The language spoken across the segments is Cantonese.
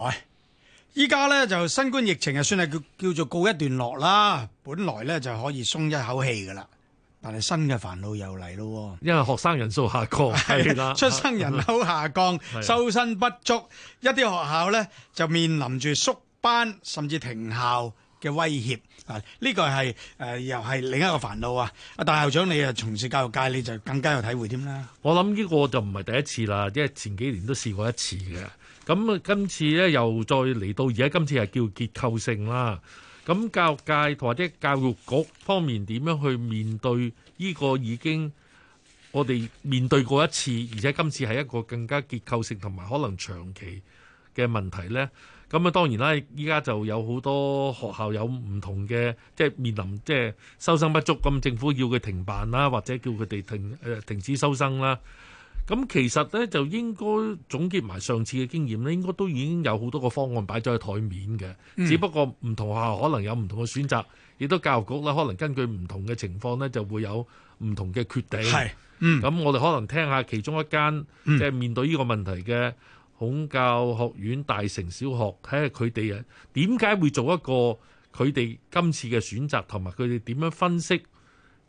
喂，依家咧就新冠疫情啊，算係叫叫做告一段落啦。本來咧就可以鬆一口氣噶啦，但係新嘅煩惱又嚟咯，啊。因為學生人數下降，係啦的，的出生人口下降，的收生不足，的一啲學校咧就面臨住縮班甚至停校嘅威脅。啊，呢，這個係誒、呃、又係另一個煩惱啊。阿大校長，你又從事教育界，你就更加有體會添啦。我諗呢個就唔係第一次啦，因為前幾年都試過一次嘅。咁啊，今次咧又再嚟到，而家今次係叫結構性啦。咁教育界同或者教育局方面點樣去面對呢個已經我哋面對過一次，而且今次係一個更加結構性同埋可能長期嘅問題呢？咁啊，當然啦，依家就有好多學校有唔同嘅，即係面臨即係收生不足，咁政府要佢停辦啦，或者叫佢哋停誒停止收生啦。咁其實咧，就應該總結埋上，上次嘅經驗咧，應該都已經有好多個方案擺咗喺台面嘅。嗯、只不過唔同學校可能有唔同嘅選擇，亦都教育局咧可能根據唔同嘅情況咧就會有唔同嘅決定。咁、嗯、我哋可能聽下其中一間即係、就是、面對呢個問題嘅孔教學院大成小學，睇下佢哋呀點解會做一個佢哋今次嘅選擇，同埋佢哋點樣分析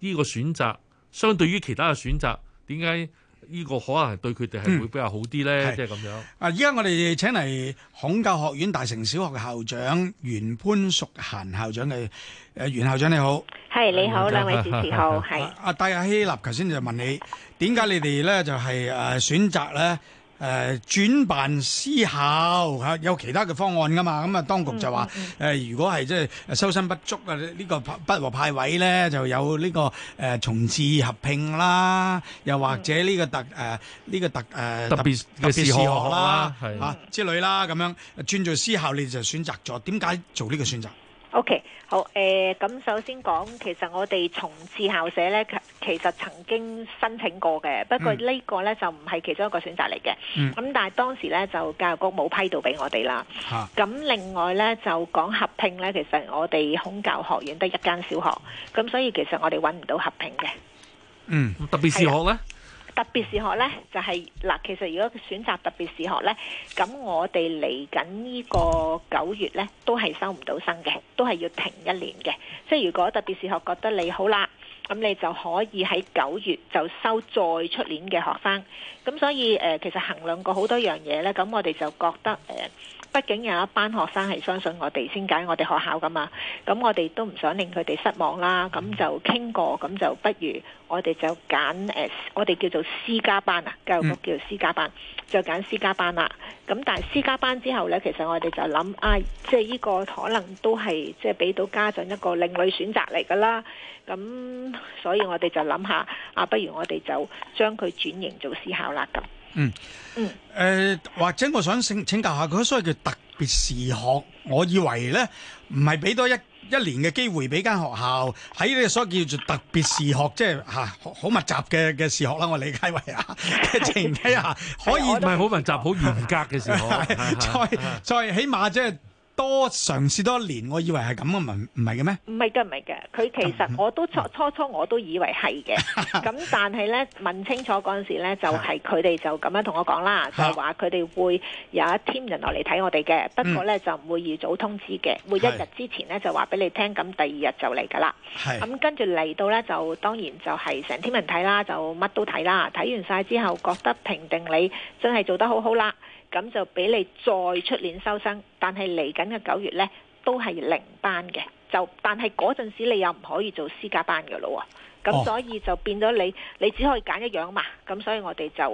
呢個選擇，相對於其他嘅選擇，點解？呢個可能對佢哋係會比較好啲咧，即係咁樣。啊，依家我哋請嚟孔教學院大成小學嘅校長袁潘淑嫻校長嘅。誒，袁校長你好，係你好，兩、嗯、位主持好，係。阿戴亞希立，頭先就問你點解你哋咧就係誒選擇咧？誒、呃、轉辦思考、啊、有其他嘅方案㗎嘛？咁啊，當局就話、呃、如果係即係收生不足啊，呢、這個不獲派位咧就有呢、這個誒從、呃、事合併啦，又或者呢個特誒呢、呃這個特誒、呃、特別嘅試啦之類啦咁樣轉做私校，你就選擇咗點解做呢個選擇？O、okay, K，好，誒、呃，咁首先講，其實我哋重置校舍咧，其實曾經申請過嘅，不過這個呢個咧就唔係其中一個選擇嚟嘅。咁、嗯、但係當時咧就教育局冇批到俾我哋啦。咁、啊、另外咧就講合併咧，其實我哋孔教學院得一間小學，咁所以其實我哋揾唔到合併嘅。嗯，特別是學咧。特別視學呢，就係、是、嗱，其實如果選擇特別視學呢，咁我哋嚟緊呢個九月呢，都係收唔到生嘅，都係要停一年嘅。即如果特別視學覺得你好啦，咁你就可以喺九月就收再出年嘅學生。咁所以、呃、其實衡量過好多樣嘢呢，咁我哋就覺得、呃畢竟有一班學生係相信我哋先揀我哋學校噶嘛，咁我哋都唔想令佢哋失望啦，咁就傾過，咁就不如我哋就揀誒，我哋叫做私家班啊，教育局叫做私家班，就揀私家班啦。咁但係私家班之後呢，其實我哋就諗啊，即係呢個可能都係即係俾到家長一個另類選擇嚟噶啦。咁所以我哋就諗下啊，不如我哋就將佢轉型做私校啦咁。嗯嗯，誒、嗯呃，或者我想請請教下佢，所謂叫特別視學，我以為咧唔係俾多一一年嘅機會俾間學校喺呢個所叫做特別視學，即係吓好密集嘅嘅視學啦。我理解為啊，即係正解可以唔係好密集、好嚴格嘅視學，再再 起碼即係。多嘗試多一年，我以為係咁嘅，唔唔係嘅咩？唔係嘅，唔係嘅。佢其實我都、嗯、初、嗯、初初我都以為係嘅，咁 但係咧問清楚嗰陣時咧，就係佢哋就咁樣同我講啦，就係話佢哋會有一 team 人落嚟睇我哋嘅，不過咧就唔會預早通知嘅，每一日之前咧就話俾你聽，咁第二日就嚟㗎啦。咁跟住嚟到咧，就當然就係成 team 人睇啦，就乜都睇啦。睇完晒之後覺得評定你真係做得好好啦。咁就俾你再出年收生，但係嚟緊嘅九月呢都係零班嘅，就但係嗰陣時你又唔可以做私家班噶咯，咁所以就變咗你你只可以揀一樣嘛，咁所以我哋就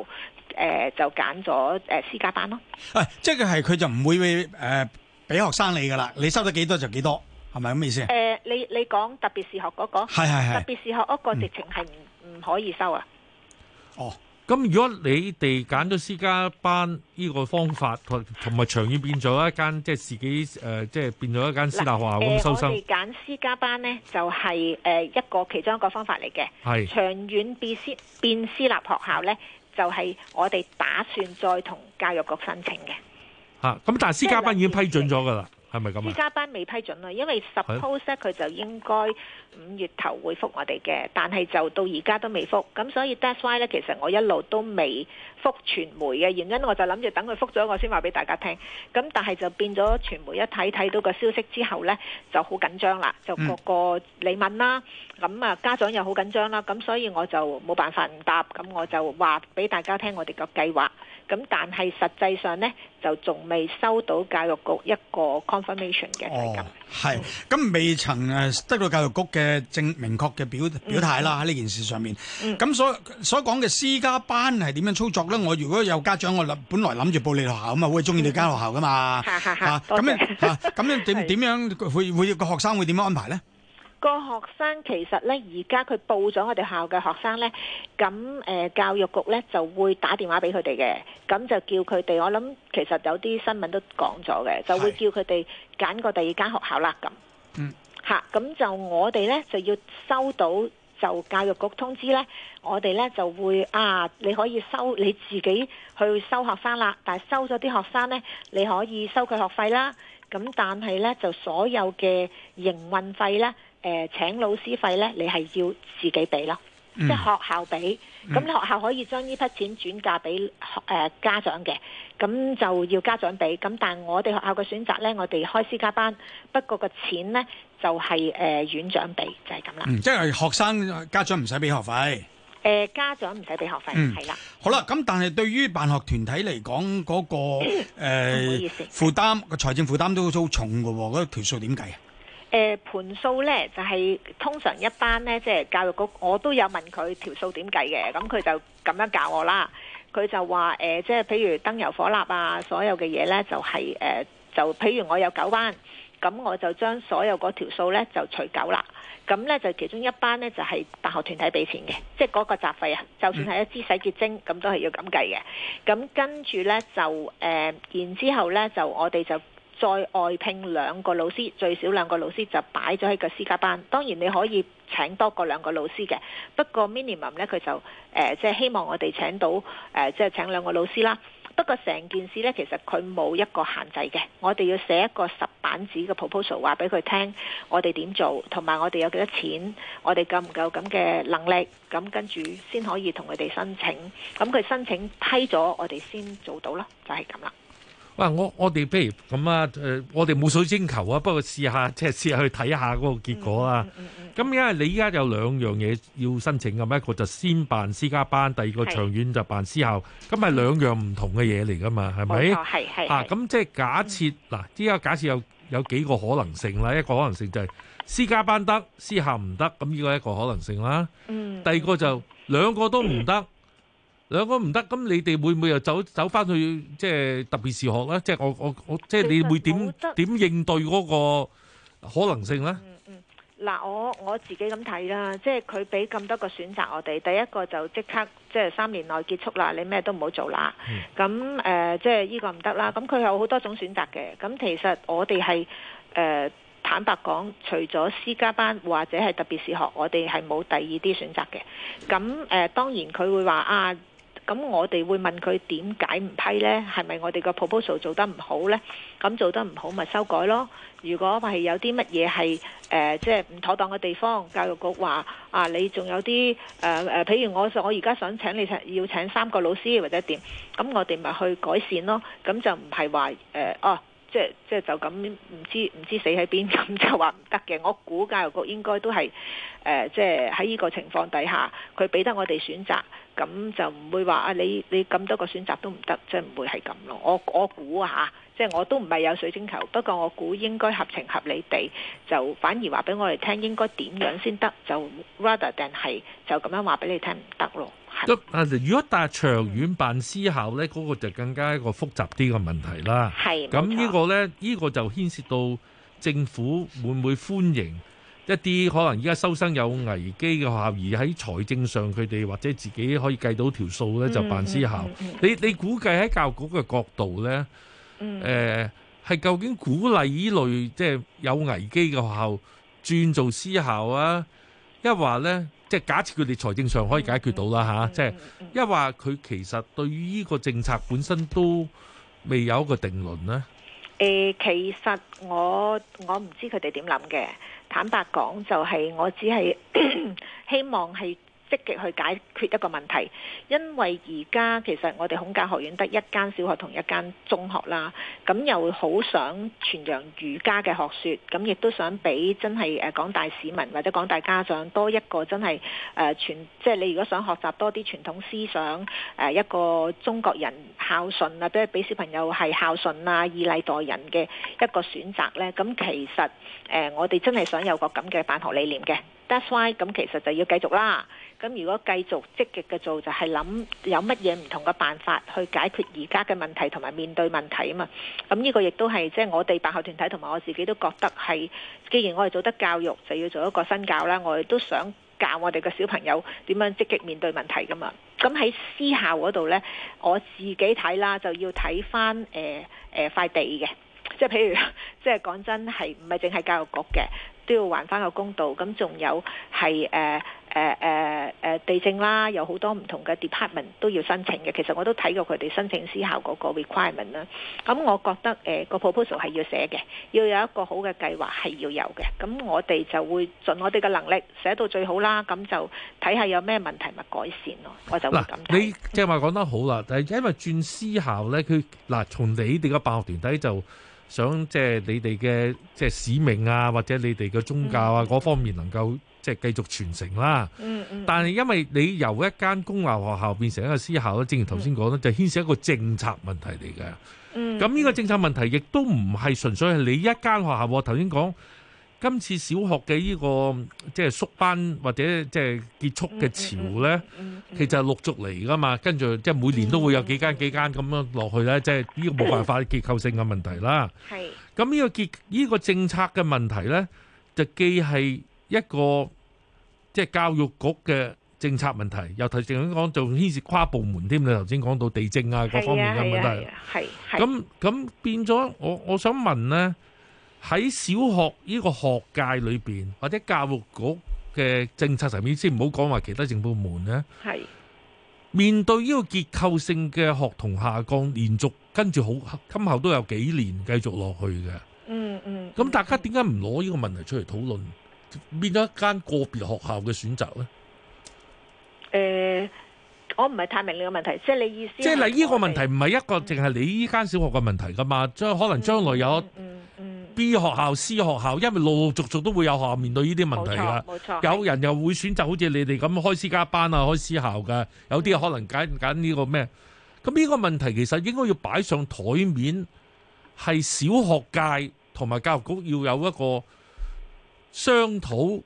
誒就揀咗誒私家班咯。喂，即係係佢就唔會誒俾學生你噶啦，你收得幾多就幾多，係咪咁意思？誒，你你講特別視學嗰個係係係，特別視學嗰個直情係唔唔可以收啊？哦。咁如果你哋揀咗私家班呢個方法，同同埋長遠變咗一間即係自己誒，即係變咗一間私立學校咁收生？我哋揀私家班咧，就係、是、誒一個其中一個方法嚟嘅。係是長遠變私變私立學校咧，就係、是、我哋打算再同教育局申請嘅。吓咁、啊、但係私家班已經批准咗噶啦。啲加班未批准啊，因為 suppose 咧佢就應該五月頭會覆我哋嘅，但係就到而家都未覆，咁所以 that's why 咧，其實我一路都未覆傳媒嘅，原因我就諗住等佢覆咗，我先話俾大家聽。咁但係就變咗傳媒一睇睇到個消息之後咧，就好緊張啦，就個個你問啦，咁啊家長又好緊張啦，咁所以我就冇辦法唔答，咁我就話俾大家聽我哋個計劃。咁但係實際上咧，就仲未收到教育局一個 confirmation 嘅，係咁。係、哦，咁未曾得到教育局嘅正明確嘅表表態啦，喺呢、嗯、件事上面。咁、嗯、所所講嘅私家班係點樣操作咧？我如果有家長，我諗本來諗住報你學校咁、嗯、啊，樣會中意你間學校噶嘛？咁樣咁樣點點樣會會個學生會點樣安排咧？個學生其實呢，而家佢報咗我哋校嘅學生呢，咁誒教育局呢就會打電話俾佢哋嘅，咁就叫佢哋。我諗其實有啲新聞都講咗嘅，就會叫佢哋揀個第二間學校啦。咁，嗯，嚇，咁就我哋呢就要收到就教育局通知呢，我哋呢就會啊，你可以收你自己去收學生啦，但係收咗啲學生呢，你可以收佢學費啦。咁但係呢就所有嘅營運費呢。誒、呃，請老師費咧，你係要自己俾咯，嗯、即係學校俾。咁咧、嗯、學校可以將呢筆錢轉嫁俾誒家長嘅，咁就要家長俾。咁但係我哋學校嘅選擇咧，我哋開私家班，不過個錢咧就係、是、誒、呃、院長俾，就係咁啦。即係學生家長唔使俾學費。誒，家長唔使俾學費係啦。好啦，咁但係對於辦學團體嚟講，嗰、那個誒負擔個財政負擔都好重噶，嗰條數點計啊？誒盤數咧就係、是、通常一班咧，即、就、係、是、教育局，我都有問佢條數點計嘅，咁佢就咁樣教我啦。佢就話誒，即係譬如燈油火蠟啊，所有嘅嘢咧就係、是呃、就譬如我有九班，咁我就將所有嗰條數咧就除九啦。咁咧就其中一班咧就係、是、大學團體俾錢嘅，即係嗰個雜費啊，就算係一支洗潔精，咁都係要咁計嘅。咁跟住咧就誒、呃，然之後咧就我哋就。再外聘兩個老師，最少兩個老師就擺咗喺個私家班。當然你可以請多過兩個老師嘅，不過 minimum 咧佢就誒即係希望我哋請到誒即係請兩個老師啦。不過成件事咧其實佢冇一個限制嘅，我哋要寫一個十版紙嘅 proposal 話俾佢聽，我哋點做，同埋我哋有幾多錢，我哋夠唔夠咁嘅能力，咁跟住先可以同佢哋申請。咁佢申請批咗，我哋先做到咯，就係咁啦。我我哋不如咁啊，我哋冇、呃、水晶球啊，不過試下，即係試下去睇下嗰個結果啦。咁、嗯嗯、因為你依家有兩樣嘢要申請，咁一個就先辦私家班，第二個長遠就辦私校，咁咪是兩樣唔同嘅嘢嚟噶嘛？係咪、嗯？係係、啊、咁即係假設嗱，依家、嗯、假設有有幾個可能性啦，一個可能性就係私家班得，私校唔得，咁呢個係一個可能性啦。嗯。第二個就兩個都唔得。嗯嗯嗯兩個唔得，咁你哋會唔會又走走翻去即係特別視學呢？即係我我我即係你會點點應對嗰個可能性呢？嗯嗯，嗱，我我自己咁睇啦，即係佢俾咁多個選擇我哋，第一個就即刻即係三年內結束啦，你咩都唔好做啦。咁誒，即係呢個唔得啦。咁佢有好多種選擇嘅。咁其實我哋係誒坦白講，除咗私家班或者係特別視學，我哋係冇第二啲選擇嘅。咁誒，當然佢會話啊。咁我哋會問佢點解唔批呢？係咪我哋個 proposal 做得唔好呢？咁做得唔好咪修改咯。如果係有啲乜嘢係即係唔妥當嘅地方，教育局話啊，你仲有啲誒誒，譬如我我而家想請你要請三個老師或者點，咁我哋咪去改善咯。咁就唔係話誒哦。呃啊即係即係就咁，唔知唔知死喺邊咁就話唔得嘅。我估教育局應該都係、呃、即係喺呢個情況底下，佢俾得我哋選擇，咁就唔會話啊，你你咁多個選擇都唔得，啊，即係唔會係咁咯。我我估下，即係我都唔係有水晶球，不過我估應該合情合理地就反而話俾我哋聽，應該點樣先得，就 rather than 係就咁樣話俾你聽唔得咯。咁啊！如果大長遠辦私校咧，嗰、嗯、個就更加一個複雜啲嘅問題啦。係是，咁呢個咧，呢、這個就牽涉到政府會唔會歡迎一啲可能而家收生有危機嘅學校，而喺財政上佢哋或者自己可以計到條數咧，就辦私校。嗯嗯嗯、你你估計喺教育局嘅角度咧，誒係、嗯呃、究竟鼓勵呢類即係、就是、有危機嘅學校轉做私校啊？一話咧。即係假設佢哋財政上可以解決到啦吓，即係因為話佢其實對於呢個政策本身都未有一個定論呢。誒、呃，其實我我唔知佢哋點諗嘅，坦白講就係我只係希望係，積極去解決一個問題，因為而家其實我哋孔教學院得一間小學同一間中學啦，咁又好想傳揚儒家嘅學說，咁亦都想俾真係誒廣大市民或者廣大家長多一個真係誒、傳、即係你如果想學習多啲傳統思想、呃，一個中國人孝順啊，都係俾小朋友係孝順啊、以禮待人嘅一個選擇呢。咁其實、呃、我哋真係想有個咁嘅辦學理念嘅，that's why 咁其實就要繼續啦。咁如果繼續積極嘅做，就係諗有乜嘢唔同嘅辦法去解決而家嘅問題同埋面對問題啊嘛。咁呢個亦都係即係我哋辦學團體同埋我自己都覺得係，既然我哋做得教育，就要做一個新教啦。我哋都想教我哋嘅小朋友點樣積極面對問題噶嘛。咁喺私校嗰度呢，我自己睇啦，就要睇翻誒誒塊地嘅，即係譬如即係講真係唔係淨係教育局嘅。都要還翻個公道，咁仲有係誒誒誒誒地政啦，有好多唔同嘅 department 都要申請嘅。其實我都睇過佢哋申請私校嗰個 requirement 啦。咁我覺得誒、呃、個 proposal 係要寫嘅，要有一個好嘅計劃係要有嘅。咁我哋就會盡我哋嘅能力寫到最好啦。咁就睇下有咩問題咪改善咯。我就嗱你即係話講得好啦，但係因為轉私校咧，佢嗱從你哋嘅辦學團體就。想即係你哋嘅即係使命啊，或者你哋嘅宗教啊嗰方面能夠即係繼續傳承啦。嗯嗯。但係因為你由一間公立學校變成一個私校咧，正如頭先講咧，就牽涉一個政策問題嚟嘅。嗯。咁呢個政策問題亦都唔係純粹係你一間學校。我頭先講。今次小學嘅呢、呢個即係縮班或者即係結束嘅潮咧，嗯嗯嗯嗯、其實係陸續嚟噶嘛。跟住即係每年都會有幾間幾間咁樣落去咧，即係呢個冇辦法結構性嘅問題啦。係、嗯。咁呢個結呢、呢個政策嘅問題咧，就既係一個即係、就是、教育局嘅政策問題，又提正想講就牽涉跨部門添，你頭先講到地政啊各方面嘅問題，係。咁咁變咗，我我想問咧。喺小學呢個學界裏邊，或者教育局嘅政策層面，先唔好講話其他政府部門咧。係是面對呢個結構性嘅學童下降，連續跟住好今後都有幾年繼續落去嘅、嗯。嗯嗯。咁大家點解唔攞呢個問題出嚟討論？嗯、變咗一間個別學校嘅選擇呢誒，我唔係太明你個問題，即係你意思。即係嗱，呢個問題唔係一個淨係你呢間小學嘅問題噶嘛，將可能將來有。嗯嗯嗯 B 學校、C 學校，因為陸陸續續都會有學校面對呢啲問題噶，有人又會選擇好似你哋咁開私家班啊，開私校噶，有啲可能揀揀呢個咩？咁呢、嗯、個問題其實應該要擺上台面，係小學界同埋教育局要有一個商討，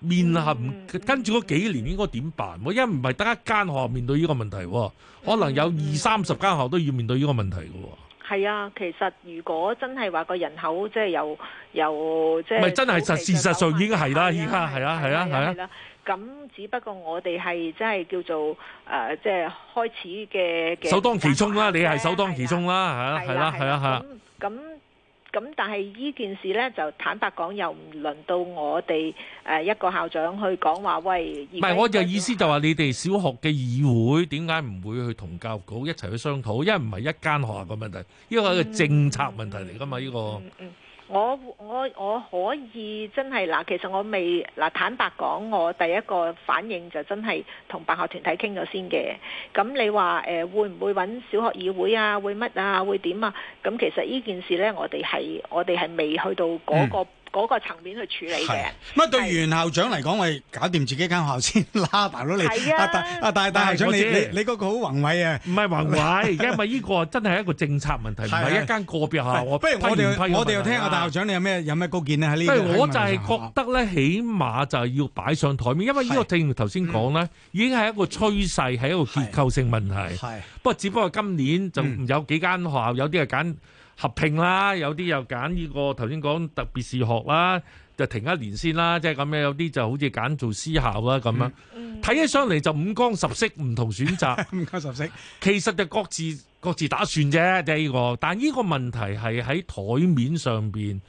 面合、嗯嗯、跟住嗰幾年應該點辦？因為唔係得一間學校面對呢個問題，可能有二三十間學校都要面對呢個問題噶。嗯嗯係啊，其實如果真係話個人口即係又又即係，唔係真係實事實上已經係啦，而家係啊，係啊，係啦咁，只不過我哋係真係叫做誒，即係開始嘅嘅，首當其衝啦，你係首當其衝啦，係啦，係啊，係啦咁。咁但係呢件事呢，就坦白講又唔輪到我哋誒一個校長去講話喂。唔係我就意思就話你哋小學嘅議會點解唔會去同教育局一齊去商討？因為唔係一間學校嘅問題，呢個係個政策問題嚟噶嘛。呢個、嗯。嗯嗯嗯我我我可以真係嗱，其實我未嗱坦白講，我第一個反應就真係同辦學團體傾咗先嘅。咁你話誒、呃，會唔會揾小學議會啊？會乜啊？會點啊？咁其實依件事咧，我哋係，我哋係未去到嗰，那個。嗯。嗰個層面去處理嘅。咁啊，對袁校長嚟講，我係搞掂自己間學校先啦。大佬你，阿大阿大校長，你你你嗰個好宏偉啊！唔係宏偉，因為呢個真係一個政策問題，唔係一間個別校。不如我哋我哋要聽下大校長，你有咩有咩高見呢？喺呢度，我就係覺得咧，起碼就係要擺上台面，因為呢個正如頭先講咧，已經係一個趨勢，係一個結構性問題。不過只不過今年就有幾間學校，有啲係揀。合併啦，有啲又揀呢，這個頭先講特別視學啦，就停一年先啦，即係咁樣有啲就好似揀做私校啦咁樣，睇、嗯嗯、起上嚟就五光十色，唔同選擇。 五光十色，其實就各自各自打算啫，第係呢個。但呢個問題係喺台面上面，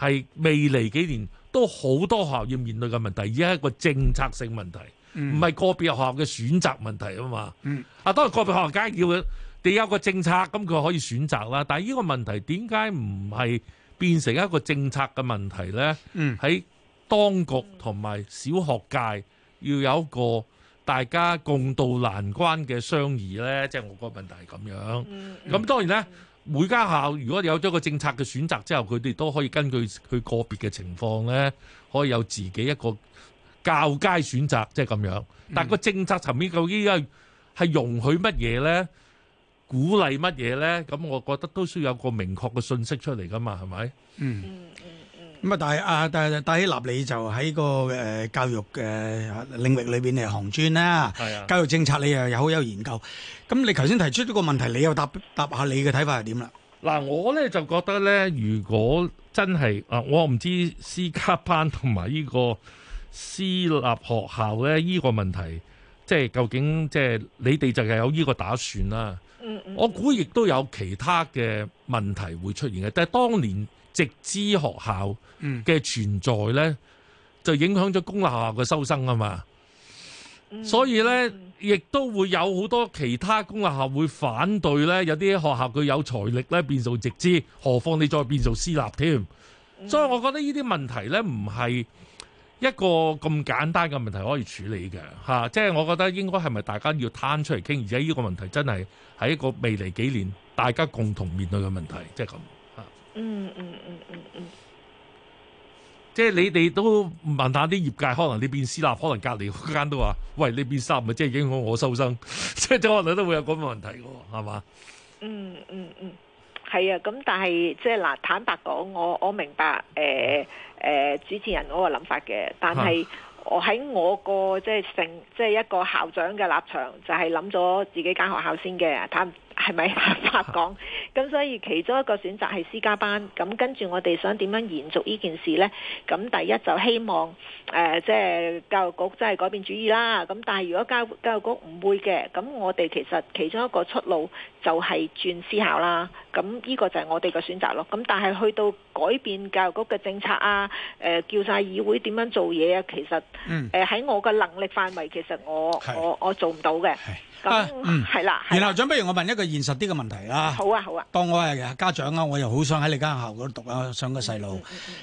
係未嚟幾年都好多學校要面對嘅問題，而家係一個政策性問題，唔係、嗯、個別學校嘅選擇問題啊嘛。嗯，啊，當然個別學校梗係要你有個政策，咁佢可以選擇啦。但係呢個問題點解唔係變成一個政策嘅問題呢？喺、嗯、當局同埋小學界要有一個大家共度難關嘅商議呢。即、就、係、是、我個問題係咁樣。咁當然呢，每間校如果有咗個政策嘅選擇之後，佢哋都可以根據佢個別嘅情況呢，可以有自己一個較佳選擇，即係咁樣。但係個政策層面究竟係容許乜嘢呢？鼓勵乜嘢咧？咁我覺得都需要有個明確嘅信息出嚟噶嘛，係咪？嗯嗯嗯嗯。咁啊、嗯，但係啊，但係戴希立你就喺、這個誒、呃、教育嘅、呃、領域裏邊係行尊啦。係啊。教育政策你又又好有研究。咁你頭先提出呢個問題，你又答答下你嘅睇法係點啦？嗱，我咧就覺得咧，如果真係啊，我唔知私級班同埋呢個私立學校咧，呢、這個問題即係究竟即係你哋就係有呢個打算啦、啊。我估亦都有其他嘅問題會出現嘅，但係當年直資學校嘅存在呢，就影響咗公立學校嘅收生啊嘛。所以呢，亦都會有好多其他公立學校會反對呢。有啲學校佢有財力呢，變做直資，何況你再變做私立添。所以，我覺得呢啲問題呢，唔係一個咁簡單嘅問題可以處理嘅嚇，即、啊、係、就是、我覺得應該係咪大家要攤出嚟傾，而且呢個問題真係喺一個未來幾年大家共同面對嘅問題，即係咁嚇。嗯嗯嗯嗯嗯，嗯嗯即係你哋都問下啲業界，可能你變私立，可能隔離嗰間都話，喂，你變私立，即係影響我收生， 即係可能都會有咁嘅問題嘅，係嘛、嗯？嗯嗯嗯，係啊，咁但係即係嗱，坦白講，我我明白誒。呃誒，主持、呃、人嗰個諗法嘅，但係我喺我個即係成即係一個校長嘅立場，就係諗咗自己間學校先嘅，係咪法講？咁所以其中一個選擇係私家班。咁跟住我哋想點樣延續呢件事呢？咁第一就希望誒，即、呃、係、就是、教育局真係改變主意啦。咁但係如果教教育局唔會嘅，咁我哋其實其中一個出路就係轉私校啦。咁呢個就係我哋嘅選擇咯。咁但係去到改變教育局嘅政策啊，誒、呃、叫晒議會點樣做嘢啊，其實誒喺、嗯呃、我嘅能力範圍，其實我是我我做唔到嘅。咁係那、啊、啦。袁校長，不如我問一個。現實啲嘅問題啦，好啊，好啊。好啊，當我係家長啊，我又好想喺你間校度讀啊，想個細路。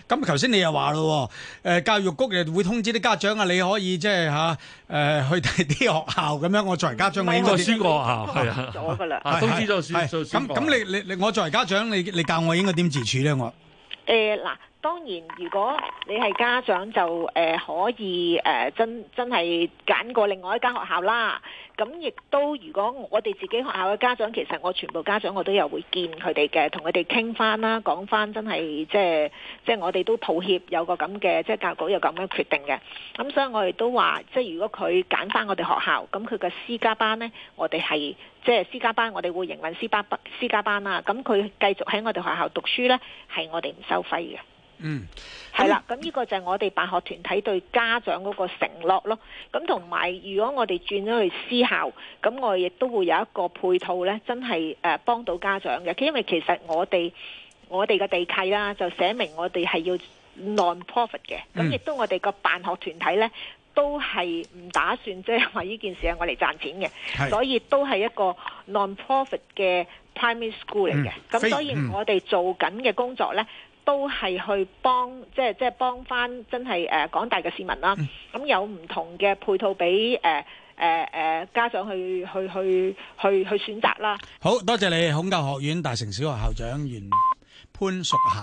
咁頭先你又話咯，誒、嗯、教育局又會通知啲家長啊，你可以即係吓誒去睇啲、呃、學校咁樣。我作為家長應該點？唔係、嗯、我做宣係啊，咗㗎啦，通知做宣咁咁，你你我作為家長，你你教我應該點自處咧？我誒嗱。欸當然，如果你係家長就、呃、可以、呃、真真係揀過另外一間學校啦。咁亦都如果我哋自己學校嘅家長，其實我全部家長我都有會見佢哋嘅，同佢哋傾翻啦，講翻真係即係即係我哋都抱歉有個咁嘅即係教育局有咁嘅決定嘅。咁所以我哋都話即係如果佢揀翻我哋學校，咁佢嘅私家班呢，我哋係即係私家班，我哋會營運私班私家班啦。咁佢繼續喺我哋學校讀書呢，係我哋唔收費嘅。嗯，係啦的，咁呢、嗯、個就係我哋辦學團體對家長嗰個承諾咯。咁同埋，如果我哋轉咗去私校，咁我亦都會有一個配套呢，真係誒幫到家長嘅。因為其實我哋我哋嘅地契啦，就寫明我哋係要 non-profit 嘅。咁亦、嗯、都我哋個辦學團體呢，都係唔打算即係話呢件事係我嚟賺錢嘅，是所以都係一個 non-profit 嘅 primary school 嚟嘅。咁、嗯、所以我哋做緊嘅工作呢。嗯都係去幫，即係即係幫翻真係誒廣大嘅市民啦。咁有唔同嘅配套俾誒誒誒家長去去去去去選擇啦。好多謝你，孔教學院大成小學校長袁潘淑嫻。